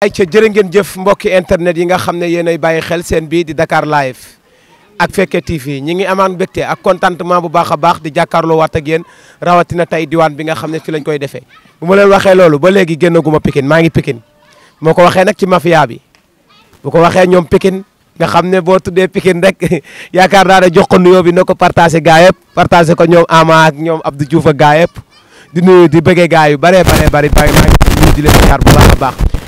ay ca ngeen jëf mbokki internet yi nga xam ne yéen ay bàyyi xel seen bii di Dakar live ak Fekke TV ñi ngi amaan mbégte ak contentement bu baax a baax di jàkkaarloo waat ak yéen rawatina tey diwaan bi nga xam ne ci lañ koy defee. bu ma leen waxee loolu ba léegi génnaguma Pikine maa ngi Pikine moo ko waxee nag ci mafia bi bu ko waxee ñoom Pikine nga xam ne boo tuddee pikin rek yaakaar naa ne jox ko nuyoo bi na ko partagé gaa yëpp partagé ko ñoom Ama ak ñoom Abdou Diouf ak gaa yëpp di nuyu di bëggee gaa yu baree baree bari maa ngi di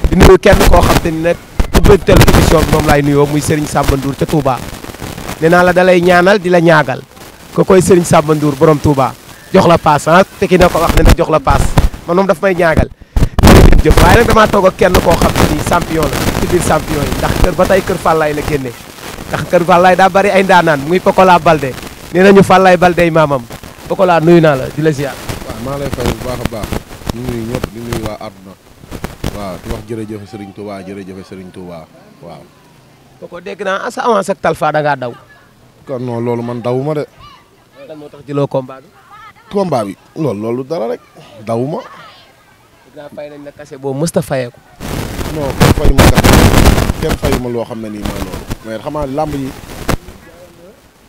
di nuyu kenn koo xam te ni nag ubbeektelu émission bi moom laay nuyoo muy Serigne Samba Ndour ca Touba nee naa la dalay ñaanal di la ñaagal ko koy Serigne Samba Ndour borom Touba jox la paas ah te na ko wax ne jox la paas man moom daf may ñaagal jërëjëf waaye nag damaa toog ak kenn koo xam te ni champion la ci biir champion yi ndax kër ba tey kër Fallaye la génne ndax kër Fallaye daa bari ay ndaanaan muy Pokola Balde nee nañu Fallaye Balde yi maamam Pokola nuyu naa la di la ziar. waaw baax a àdduna waaw di wax jërëjëf Serigne Touba jërëjëf Serigne Touba waaw. kooku dégg naa asa avance ak Talfa da ngaa daw. kon non loolu man dawuma de. lan moo tax jëloo combat bi. combat loolu dara rek dawuma. dégg naa fay nañ kase boobu mës ta fayee kenn fayu ma loo xam ne nii mooy loolu. mais xam làmb yi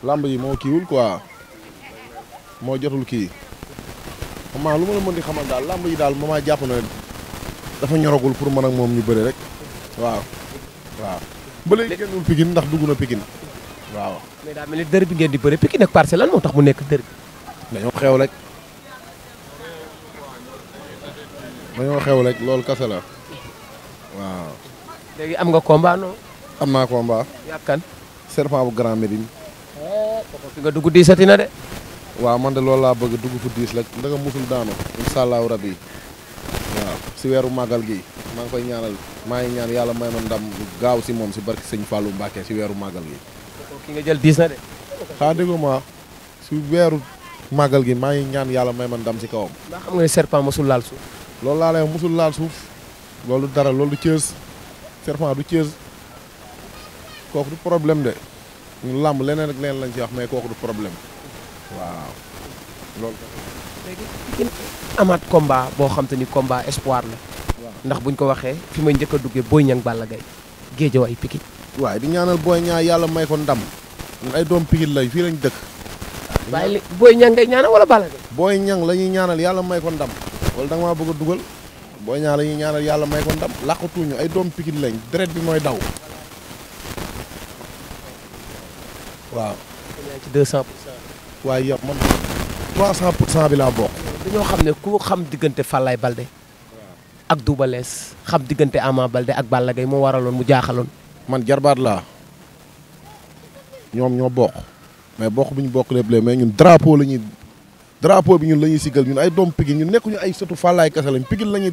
làmb yi moo kiiwul quoi moo jotul kii. xam lu ma la mën di xamal daal làmb yi daal mama jàpp na dafa ñoragul pour man ak moom ñu bëri rek waaw waaw ba léegi génnul ndax dugg na Pikine waaw mais daa ni dër bi ngeen di bëri Pikine ak Parcelles lan tax mu nekk dër bi xew rek xew rek loolu kase waaw am nga combat am naa combat yaa kan serpent bu Grand Médine eh, fi nga dugg diisati na de waaw man de loolu laa bëgg dugg fu diis rek ndaga musul daanu insha allahu rabbi si weeru màggal gi maa ngi koy ñaanal maa ngi ñaan yàlla may ma ndam gaaw si moom si barki sëñ Fallou Mbacke si weeru màggal gi. ki nga jël diis na de. xaa dégg ma si weeru màggal gi maa ngi ñaan yàlla may ma ndam si kawam. ndax xam nga ne serpent mosul laal suuf. loolu laa lay laal suuf loolu dara loolu du cëës serpent du cëës kooku du problème de ñu làmb leneen ak leneen lañ si wax mais kooku du problème waaw loolu. amaat combat boo xam te ni combat espoir la. ndax buñ ko waxee fi ma jëkk a duggee Boy Niang Balla Gaye Guédiawaye Pikine. waaye di ñaanal Boy Niang yàlla may ko ndam. ay doom Pikine lañ lañ dëkk. waaye Boy Niang ngay ñaanal wala Balla Gaye. Boy Niang la yàlla may ko ndam. wala da maa bëgg a dugal. Boy Niang la ñuy ñaanal yàlla may ko ndam. làqatuñu ay doom pikin lañ deret bi mooy daw. waaw. ci 200 pour cent. waaye yow man 300 bi laa bokk. dañoo xam ne ku xam diggante Fallaye Balde ak Double Less xam diggante Ama Balde ak Balla Gaye moo waraloon mu jaaxaloon. man jarbaat laa ñoom ñoo bokk mais bokk bu ñu bokk lépp mais ñun drapeau la ñuy drapeau bi ñun la ñuy sigal ñun ay doom Pikine nekkuñu ay sëtu Fallaye kese lañ Pikine la ñuy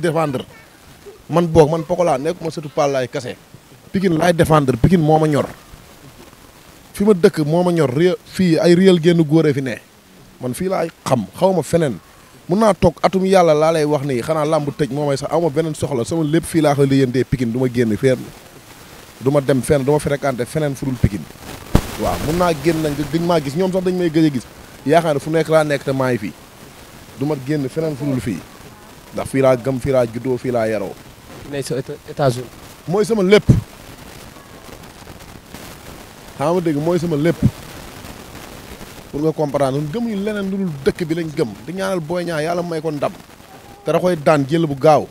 man boog man Pokola nekkuma sëtu Fallaye kase Pikine laay defendre Pikine moo ma ñor fi ma dëkk moo ma ñor fii ay réel génn góoree fi ne man fii laay xam xawma feneen. mun naa toog atum yàlla laa lay wax nii xanaa làmb tëj moo may sax awma beneen soxla sama lépp fii laa ko lijjantee Pikine du ma génn fenn duma dem fenn du ma fréquenté feneen fu dul Pikine waaw mun naa génn nag dañ maa gis ñoom sax dañ may gëj a gis yaakaar ne fu nekk laa nekk te maa ngi fii du ma génn feneen fu dul fii ndax fii laa gëm fii laa juddoo fii laa yaroo. ne mooy sama lépp xam nga dégg mooy sama lépp. pour nga comprendre ñun gëmuñu leneen lu dul dëkk bi lañ gëm di ñaanal Boy Niang yàlla may ko ndam te da koy daan jël bu gaaw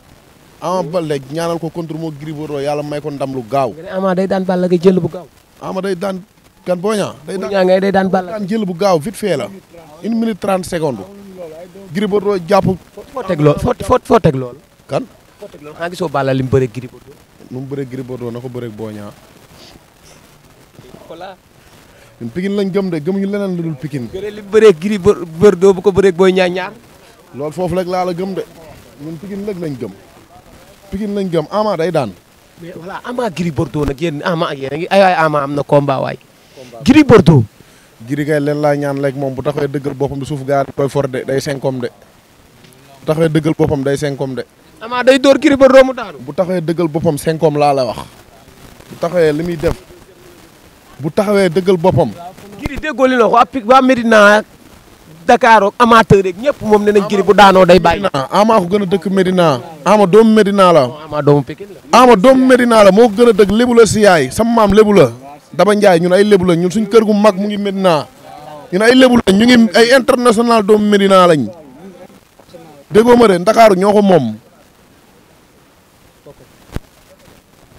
Ama Baldé ñaanal ko contre moo Gris Bordeaux yàlla may ko ndam lu gaaw. Ama day daan Balla ga jël bu gaaw. Ama day daan kan Boy Niang. day daan Boy Niang day daan Balla daan jël bu gaaw vite fait la une minute trente secondes. Gris Bordeaux jàpp. foo teg lool foo foo teg lool. kan. foo teg lool xanaa gisoo li mu bëree Gris Bordeaux. nu mu bëree Gris Bordeaux na ko bëree Boy Niang. mu Pikine lañ gëm de gëmuñu leneen lu dul Pikine. gërëm li bëree Gris Bordeaux ko bëree Boy Niang ñaar. loolu foofu rek laa la gëm de ñun Pikine rek lañ gëm Pikine lañ gëm Ama day daan. mais voilà Ama Gris Bordeaux nag yéen Ama ak yéen a ngi ay waay Ama am na combat waay. Gris Bordeaux. Gris laa ñaan rek moom bu taxawee dëggal boppam di suuf gaar koy for de day senkom de bu taxawee dëggal boppam day senkom de. Ama day door Gris Bordeaux mu daanu. bu taxawee dëggal boppam senkom laa la wax bu li muy def. bu taxawee dëggal boppam. Gris déggoo li la ko waa Medina Dakar ak amateur rek ñëpp moom nee nañ Gris bu daanoo day bàyyi. Ama ko gën a dëkk Medina Ama doomu Medina la. Ama doomu Ama doomu Medina la moo gën a dëkk lébu la si yaay sama maam lébu la Daba Ndiaye ñun ay lébu la ñun suñ kër gu mag mu ngi Medina ñun ay lébu la ñu ngi ay international doomu Medina lañ déggoo ma de Ndakaaru ñoo ko moom.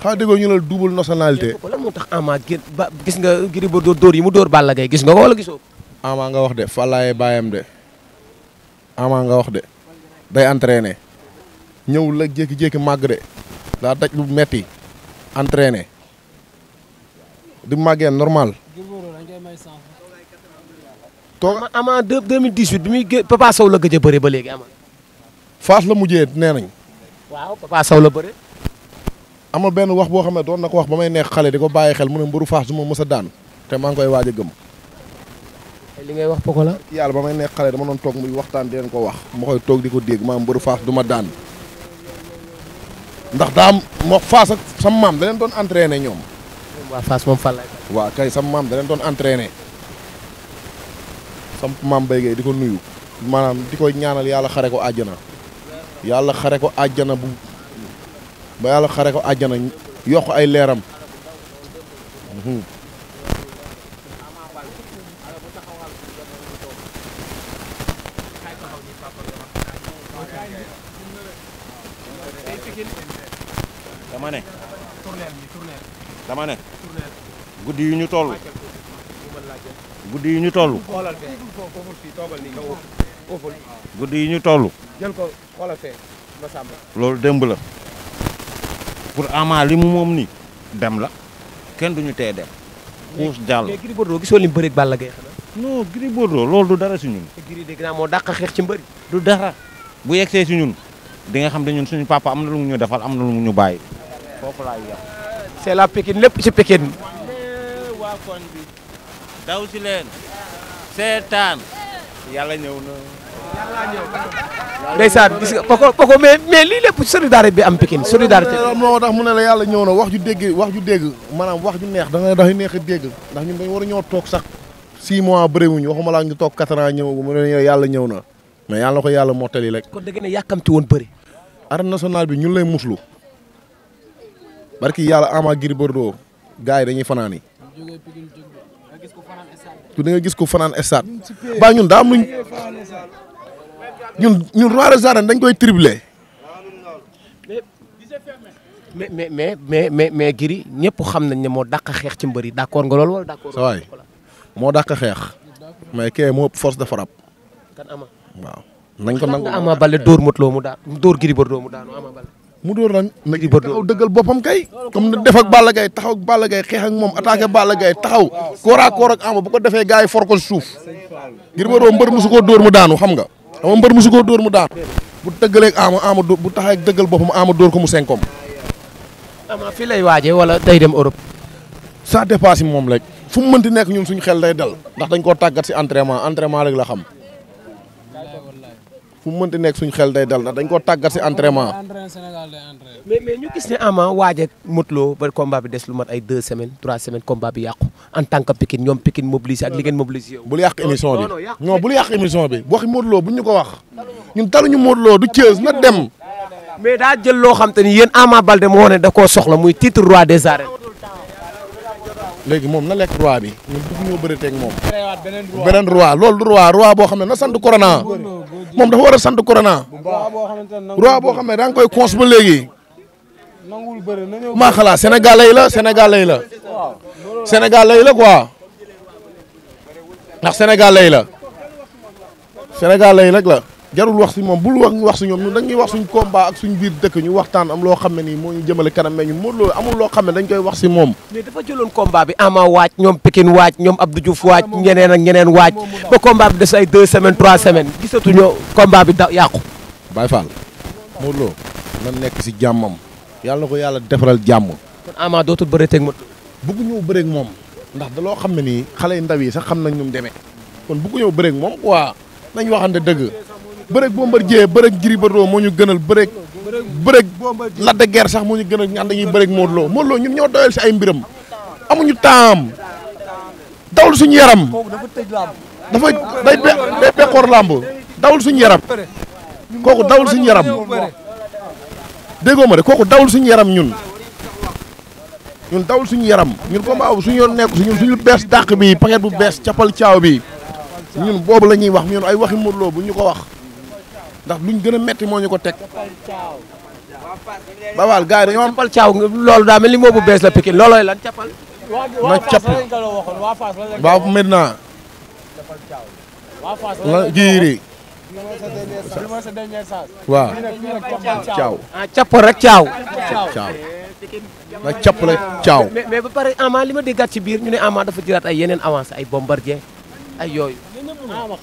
xanaa déggoo ñu ne la double nationalité. lan tax Ama gis nga Gris Bordeaux dóor yi mu dóor Balla Gaye gis nga ko wala gisoo. Ama nga wax de Fallaye baayam de Ama nga wax de day entraîné ñëw la jékki-jékki màgg de daa daj lu metti entraîné di màggee normal. toog Ama 2018 bi muy Papa Sow la gëj a bëre ba léegi Ama. la mujjee nee nañ. la bëre. amul benn wax boo xam ne doon na ko wax ba may nekk xale di ko bàyyi xel mu ne mbëru faas du ma mës a daan te maa ngi koy waaj a gëm li ngay wax poko la yàlla ba may neex xale dama doon toog muy waxtaan di ko wax ma koy toog di ko dégg maa mbëru faas du ma daan ndax daam moo faas ak sama maam da leen doon entraîné ñoom waa faas moom fan waa kay sama maam da leen doon entraîné sama maam béygay di ko nuyu maanaam di ko ñaanal yàlla xare ko àjjana yàlla xare ko àjjana bu ba yàlla xare ko àjjana yokk ay leeram dama ne guddi yu ñu toll guddi yu ñu toll guddi yu ñu toll loolu démb la pour Ama li mu moom nii dem la kenn duñu tee dem. xuus jàll mais Gris Bordeaux gisoo lim bëri ak Balla Gaye non Gris Bordeaux loolu du dara si ñun. Gris dégg xeex ci mbëri. du dara bu see si ñun di nga xam ne ñun suñu papa am na lu mu ñu defal am na lu mu ñu bàyyi. foofu laay yàq. la Pikine lépp ci Pikine. waa seetaan. yàlla ñëw na. ndeysaan gis nga poko poko mais mais lii lépp solidarité bi am Pikine solidarité moo tax mu ne la yàlla ñëw na wax ju dégg wax ju dégg maanaam wax ju neex da nga dax neex a dégg ndax ñun dañ war a ñoo toog sax six mois bëriwuñu waxuma laa ñu toog quatre ans ñëw mu ne yàlla ñëw na mais yàlla ko yàlla mottali rek kon da ngeen a yàkkamti woon bëri arène nationale bi ñun lay muslu barki yàlla Ama Gris Bordeaux gars yi dañuy fanaan yi danga gis ko fanaan stade ba ñun daa am ñun ñun roi des dañ koy triplé. mais mais mais mais mais mais Gris ñëpp xam nañ ne moo dàq xeex ci mbër yi d' accord nga loolu wala d' accord. waay moo dàq xeex. mais kee moo ëpp force de frappe. kan ama waaw nañ ko nangu ama Baldé dóor motloo mu daan dóor Gris Bordeaux mu daanu ama Baldé. mu dóor nag nag taxaw dëggal boppam kay. comme ni def ak Balla taxaw ak Balla Gaye xeex moom attaqué Balla Gaye taxaw. koor ak koor ak bu ko defee gars yi for ko suuf. Gris Bordeaux mbër su koo dóor mu daanu xam nga. dama mbër musu koo dóor mu daan bu tëggaleeg ama ama bu taxee dëggal boppam ama dóor ko mu senkom ama fii lay waaje wala day dem Europe ça dépasse moom rek fu mu mënti nekk ñun suñu xel day dal ndax dañ koo tàggat si entraînement entraînement rek la xam fu mu mënti nekk suñ xel day dal dañ koo tàggat si entraînement. mais mais ñu gis ne Ama waaj ak Modou Lo ba bi des lu mat ay 2 semaines 3 semaines combat bi yàqu en tant que Pikine ñoom Pikine mobilisé ak li ngeen mobilisé. bul yàq émission bi non bul yàq émission bi waxi Modou Lo ñu ko wax ñun taluñu Modou du Thiès na dem. mais daa jël loo xam te ni yéen Ama Balde moo ne da koo soxla muy titre roi léegi moom na lekk roi bi ñun bëgg ñoo bëreetee moom. beneen roi loolu du roi boo xam ne na sant corona. moom dafa war a sant corona. roi boo xam ne da nga koy cons ba léegi. maa xalaat Sénégal lay la Sénégal lay la. Sénégal lay la quoi. ndax Sénégal lay la. Sénégal lay rek la. jarul wax si moom bul wax wax si ñoom ñun dañuy wax suñ combat ak suñ biir dëkk ñu waxtaan am loo xam ne nii moo ñu jëmale kanam mais ñun Modou amul loo xam ne dañ koy wax si moom mais dafa jëloon combat bi ama waaj ñoom Pikine waaj ñoom Abdou Diouf waaj ñeneen ak ñeneen waaj ba combat bi des ay deux semaines trois semaines gisatuñu combat bi da yàqu Baye Fall Modou Lo na nekk si jàmmam yàlla ko yàlla defaral jàmm kon ama dootul bëre teg ma bëgg ñëw bëre moom ndax da loo xam ne nii xale ndaw yi sax xam nañ ñu demee kon bëgg ñëw bëre ak moom quoi nañ waxante dëgg bëreeg Bombardier bëreeg Gris Bordeaux moo ñu gënal bëreeg bëreeg Lac de Guiers sax moo ñu gënal ñu ànd dañuy bëreeg Modou Lo Modou Lo ñun ñoo doyal si ay mbiram amuñu taam dawul suñu yaram dafa day day peqoor làmb dawul suñu yaram kooku dawul suñu yaram déggoo ma kooku dawul suñu yaram ñun ñun dawul suñu yaram ñun combat aw suñu yoon nekk suñu suñu bees dàq bi paquet bu bees capal caaw bi ñun boobu la ñuy wax ñun ay waxi Modou bu ñu ko wax ndax luñ gën a metti moo ñu ko teg bawal gars yi dañoo am caaw loolu daa mel ni moo bu bees la Pikine loolooy lan capal na cap waaw maintenant ah, eh, la jiiri waaw caaw capal rek caaw caaw na cap la caaw mais ba pare Ama li ma déggaat ci biir ñu ne Ama dafa jëlaat ay yeneen avance ay bombardier ay yooyu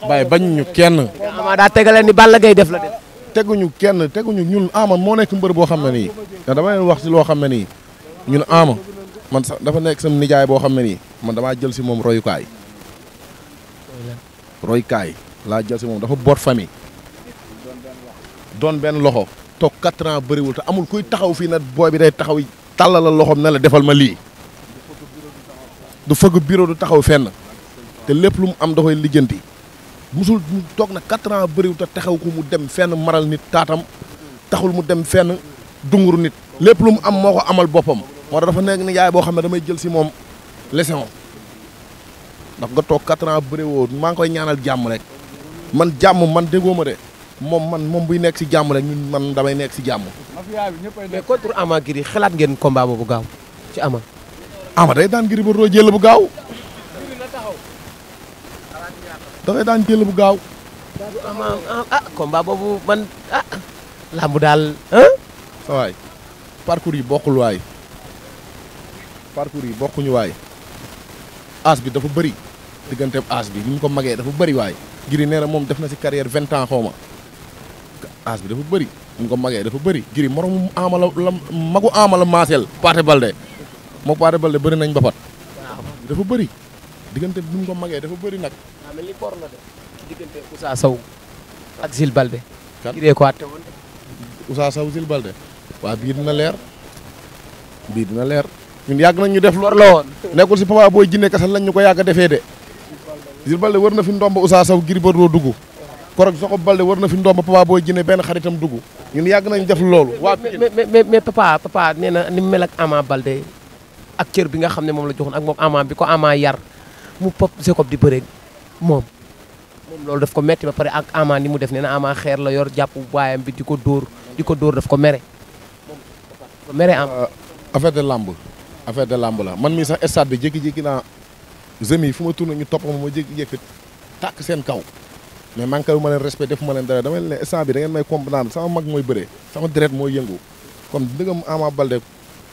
bàyyi bañ ñu kenn. ama daa tegale ni Balla Gaye def la def. teguñu kenn teguñu ñun ama moo nekk mbër boo xam ne nii dama leen wax ci loo xam ne nii ñun ama man sax dafa nekk sam nijaay boo xam ne nii man damaa jël si moom royukaay royukaay laa jël si moom dafa boot fami doon benn loxo toog quatre ans bëriwul te amul kuy taxaw fii nag booy bi day taxaw tàllal la loxoom ne la defal ma lii du fëgg biiro du taxaw fenn te lépp lu mu am da koy lijjanti musul mu toog na quatre ans bëriwul te ko mu dem fenn maral nit taatam taxul mu dem fenn dunguru nit lépp lu mu am moo ko amal boppam moo dafa nekk ni yaay boo xam ne damay jël si moom leçon ndax nga toog quatre ans bëriwoo maa ngi koy ñaanal jàmm rek man jàmm man déggoo ma de moom man moom buy nekk ci jàmm rek ñun man damay nekk si jàmm. mais contre Ama Gris xalaat ngeen combat bu gaaw ci Ama. Ama day daan Gris ba roo jël bu gaaw. da ngay daan jël bu gaaw. ah combat boobu man ah. làmb daal ah. waay parcours yi bokkul waay parcours yi bokkuñu waay as bi dafa bari diggante as bi ni ñu ko magee dafa bari waaye Gris nee moom def na si carrière vingt ans xaw ma bi dafa bëri ni ñu ko magee dafa bëri Gris moromu ama la la magu ama la maaseel. Paate Balde moo Paate Balde bëri nañ ba pat. waaw dafa bëri. diggante bi mu ko magee dafa bëri nag. waaw mel ni koor la ak Zil Balde. kan giree ko àtte woon de. Ousa Sow Zil bii dina leer bii dina leer. ñun yàgg nañ ñu def lor la woon. nekkul si papa booy jinne kasal lañ ñu ko yàgg a defee de. Zil Balde wër na fi ndomba Ousa Sow Gris duggu dugg. Korog Soxob Balde war na fi ndomba papa booy jinne benn xaritam dugg. ñun yàgg nañ def loolu. waa mais mais mais papa na ni mu mel ak Ama Balde ak cër bi nga xam ne moom la joxoon ak moom Ama ko Ama yar. mu pop Jacob di bëreeg moom loolu daf ko metti ba pare ak Ama ni mu def nee na Ama xeer la yor jàpp bu baayam bi di ko dóor di ko dóor daf ko mere ko mere am euh, affaire lamb affaire de lamb la man mii sax stade bi jékki-jékki naa jeunes yi fu ma tourné ñu topp ma ma jékki-jékki tàkk seen kaw mais man kaw ma leen respecté fu ma leen dara dama leen ne bi da ngeen may comprendre sama mag mooy bëree sama deret moo yëngu comme ndëgam Ama Balde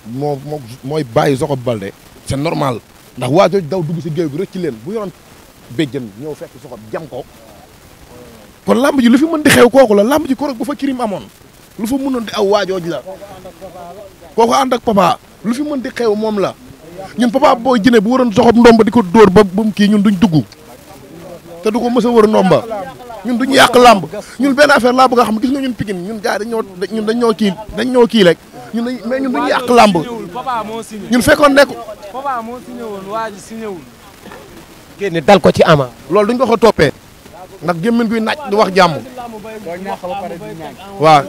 moo moo mooy bàyyi Jacob Balde c'est normal ndax waa jooju daw dugg si géew gi rëcc leen bu yoroon béjjën ñoo fekk soxot jam ko kon làmb ji lu fi mën di xew kooku la làmb ji korog bu fa kirim amoon lu fa mënoon di aw waajooj la kooku ànd ak papa lu fi mën di xew moom la ñun papa booy jine bu waroon soxob ba di ko dóor ba ba mu kii ñun duñ dugg te du ko mës a wër ndomba ñun duñ yàq làmb ñun benn affaire laa bëgg a xam gis nga ñun pikin ñun gars yi dañ ñoo ñun dañ ñoo kii dañ ñoo kii rek ñun dañ mais ñun duñ yàq làmb ñun fekkoon nekk Papa moo signé woon waa dal ko ci ama. loolu duñ ko ko toppee ndax gémmin guy naaj du wax jàmm. waaw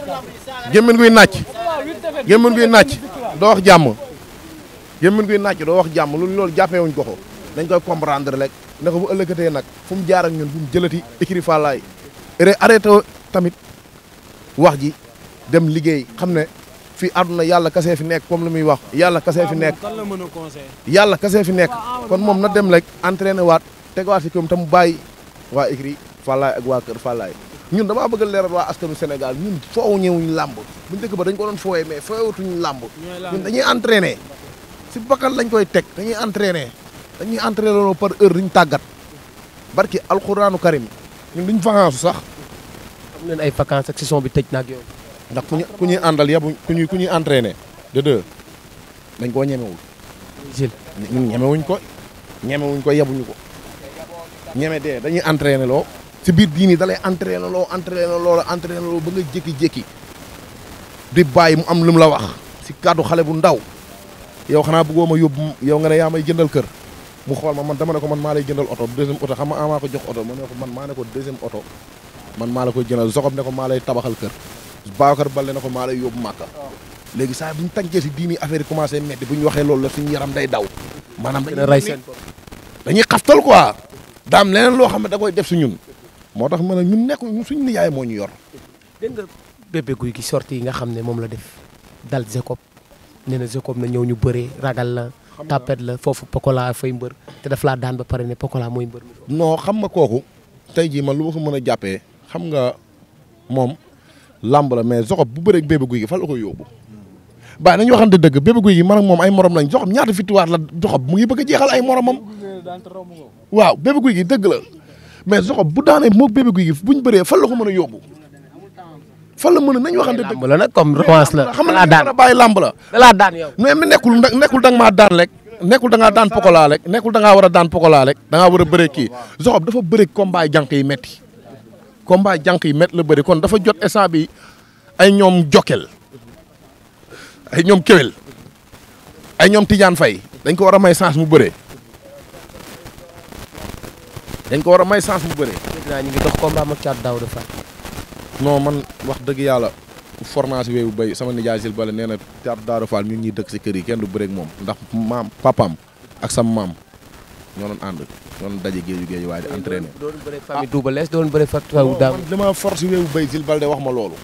gémmin guy naaj. gémmin guy naaj doo wax jàmm. gémmin guy naaj doo wax jàmm loolu loolu jàppee wuñ ko ko dañ koy comprendre rek ne ko bu ëllëgatee nag fu mu jaar ñun bu mu jëlati écrit fallaay. arrêté tamit wax ji dem liggéey xam ne. fii àdduna yàlla kasee fi nekk comme lu muy wax yàlla kasee fi nekk yàlla kasee fi nekk kon moom na dem rek entraîné waat tegawaat fi comme tam bàyyi waa écrit Fallaye ak waa kër Fallaye ñun damaa bëgg a leeral waa askanu Sénégal ñun foowu ñëwuñu làmb bu njëkk ba dañ ko doon foowee mais foowatuñu làmb ñun dañuy entraîné si bakkan lañ koy teg dañuy entraîné dañuy entraîné loolu par heure duñ tàggat barki alxuraanu karim ñun duñ vacances sax am leen ay vacances ak saison bi tëj na ak ndax ku ñu ku ñuy àndal yabu ku ku ñuy entraîné dañ koo ñemewul. ñun ñemewuñ ko ñemewuñ ko yabuñu ko ñeme dee dañuy entraîné loo si biir diini da lay entraîné loo entraîné loo entraîné loo ba nga jékki-jékki di bàyyi mu am lu mu la wax si kàddu xale bu ndaw yow xanaa bëggoo ma yóbbu yow nga ne yaa may jëndal kër mu xool ma man dama ne ko man maa lay jëndal oto deuxième oto xam nga amaa ah, ko jox oto ma ko man maa ne ko deuxième oto man maa la koy jëndal soxam ne ko maa lay tabaxal kër Babacar Balde na ko maa lay yóbbu Màkka ah. léegi saa bu ñu tànkee si diini affaire yi commencé metti bu ñu waxee loolu la suñu yaram day daw maanaam dañuy dañuy xaftal quoi daam leneen loo xam ne da def si ñun moo tax man ne ñun nekk ni nijaay moo ñu yor dégg nga bébé guy gi sorti yi nga xam ne moom la def dal Jacob nee na Jacob na ñëw ñu bëree ragal la tapet la foofu Pokola fay mbër te daf laa daan ba pare ne Pokola mooy mbër non xam nga kooku tey jii man lu ma ko mën a jàppee xam nga moom lamb la mais Sokhob bu bëreeg Bébé Gouy Gui fan la koy yóbbu bàyyi nañu waxante dëgg Bébé Gouy Gui man ak moom ay morom lañ Sokhob ñaata victoire la Sokhob mu ngi bëgg a jeexal ay moromam waaw Bébé Gouy Gui dëgg la mais Sokhob bu daanee moog Bébé Gouy Gui buñ bëree fan la ko mën a yóbbu fan la mën a nañu waxante dëgg la nag comme la xam nga daan bàyyi lamb la la daan yow mais mi nekkul nekkul da maa daan rek nekkul da ngaa daan pokolaa rek nekkul da ngaa war a daan pokolaa rek war a bëree kii Sokhob dafa bëre combat jànq yi metti combat jànq yi met la bëri kon dafa jot instant bi ay ñoom Jokal ay ñoom Kewel ay ñoom Tidiane Faye dañ ko war a may chance mu bëree dañ ko war a may chance bu bëree. dégg naa ñu ngi dox combat am ak man wax dëgg yàlla formation weewu bay sama nijaay Sil Bale nee na Thiat Daouda Fall ñun ñuy dëkk si kër yi kenn du bëreeg moom ndax maam papaam ak sama maam ñoo doon ànd. doon daje géeju géeju waa ji entraîné. doon bëre famille ah. Double Less doon bëre fa taw daaw. for damaa force weewu béy Zil Balde wax ma loolu.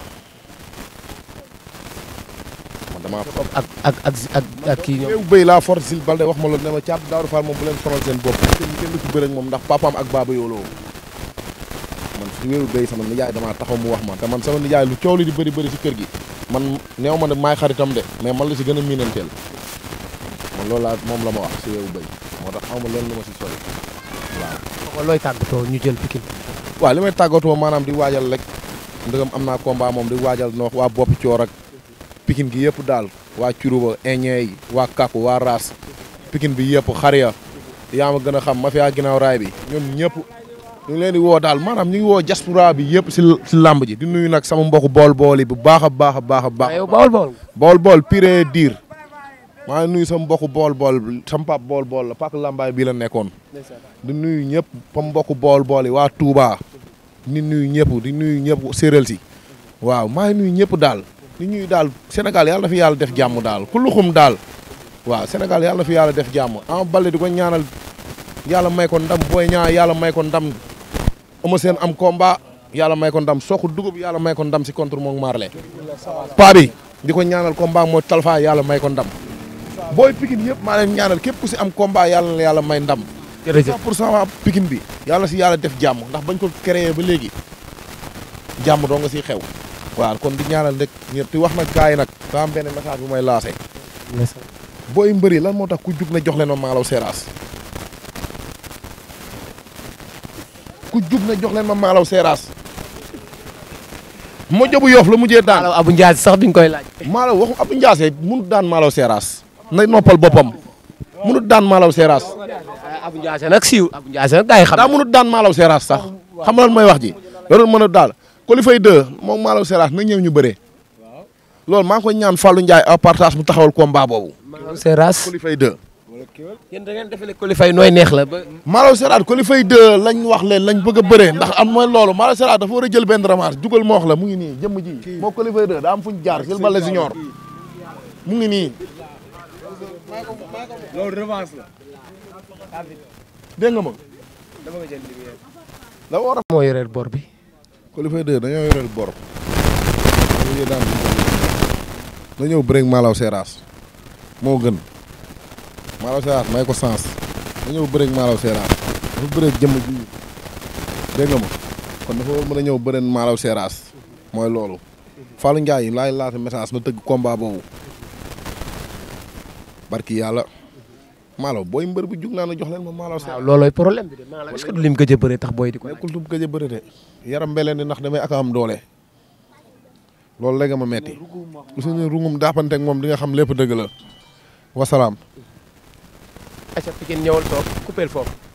man damaa. ak ak ak ak ak kii ñoom. weewu béy laa force Zil wax ma loolu ne ma caab Daaru Fall moom bu seen bopp. kenn kenn du ci bëre ak moom ndax papaam ak baaba yooloo man su weewu béy sama nijaay damaa taxaw mu wax ma te man sama nijaay lu coow li di bëri bëri si kër gi. man néew ma ne maay xaritam de mais man la si gën a miinanteel man loolu laa moom la ma wax si weewu béy moo tax xaw ma leen lu ma si sori waaw looy ñu jël Pikine. waaw li ma tàggatoo maanaam di waajal rek ndëgam am naa combat moom di waajal noox waa boppi coor ak Pikine gi yëpp daal waa curuba eñeey waa kàkku waa raas Pikine bi yëpp xar yaa ma gën a xam ma fi ginnaaw raay bi ñoom ñëpp ñu leen di woo daal maanaam ñu ngi woo diaspora bi yëpp si si làmb ji di nuyu nag sama mbokku bool bool bu baax a baax a baax a baax bool bool bool pire diir maa ngi nuyu sama mbokku bool bool bi sama bool bool la pak lambaay bii la nekkoon di nuy ñëpp sama mbokku bool bool waa Touba di nuy ñëpp di nuyu ñëpp séeréel si waaw maa ngi nuyu ñëpp daal di ñuy daal Sénégal yàlla na fi yàlla def jàmm daal ku luxum daal waaw Sénégal yàlla na fi yàlla def jàmm Ama Baldé di ko ñaanal yàlla may ko ndam booy ñaa yàlla may ko ndam ama am combat yàlla may ko ndam soq dugub yàlla may ko ndam si contre moom Marley paa bi di ko ñaanal yàlla may ko booy Pikine yëpp maa leen ñaanal képp ku si am combat yàlla la yàlla may ndam. jërëjëf pour cent waa bi. yàlla si yàlla def jàmm ndax bañ ko créé ba léegi jàmm doo nga siy xew. waaw kon di ñaanal rek ñëpp di wax nag gars nag. daa am benn message bu may laasé. booy mbëri lan moo tax ku jug na jox leen ma maalaw seeraas. ku jug ne jox leen ma maalaw seeraas. mo jobu yoof la mujjee daan. maalaw Abu Ndiaye sax duñ koy laaj. maalaw waxu Abu Ndiaye mun daan maalaw seeraas. na noppal boppam munut daan maalaw seeraas. Abou Ndiassé nag siiw Abou Ndiassé nag gars yi xam daa munut daan maalaw seeraas sax xam nga lan mooy wax ji loolu mën a daal qualifié 2 moom maalaw seeraas na ñëw ñu bëree. loolu maa ngi koy ñaan Fallou Ndiaye apartage mu taxawal combat boobu. maalaw seeraas qualifié 2. yéen da ngeen defale qualifié nooy neex la ba. maalaw seeraas qualifié 2 lañ wax leen lañ bëgg a bëree ndax am mooy loolu maalaw seeraas dafa war a jël benn revanche jugal ma wax la mu ngi nii jëmm ji. moo qualifié 2 daa am fu ñu jaar jël bala junior mu ngi nii loolu la. dégg war a. moo yoreel bor bi. Koulibaly Deux dañoo yoreel bor. dañoo daan na ñëw bëreeg Malaw Seras moo gën. Malaw Seras may ko sens. na ñëw bëreeg Malaw Seras. dafa bëreeg jëmm ji kon dafa war mën a ñëw bëreen Malaw Seras mooy loolu. Fallou Ndiaye laaj laata message na tëgg combat boobu. barki yàlla maalaw booy mbër bu jug naa na jox leen ma maalaw. waaw loolooy problème bi de maalaw est du lim gëj a bëree tax booy di ko. nekkul du gëj a bëree de yaram beleen di ndax damay ak am doole loolu léegi ma metti lu si ne rungum daapante moom di nga xam lépp dëgg la wasalaam. acca Pikine ñëwal toog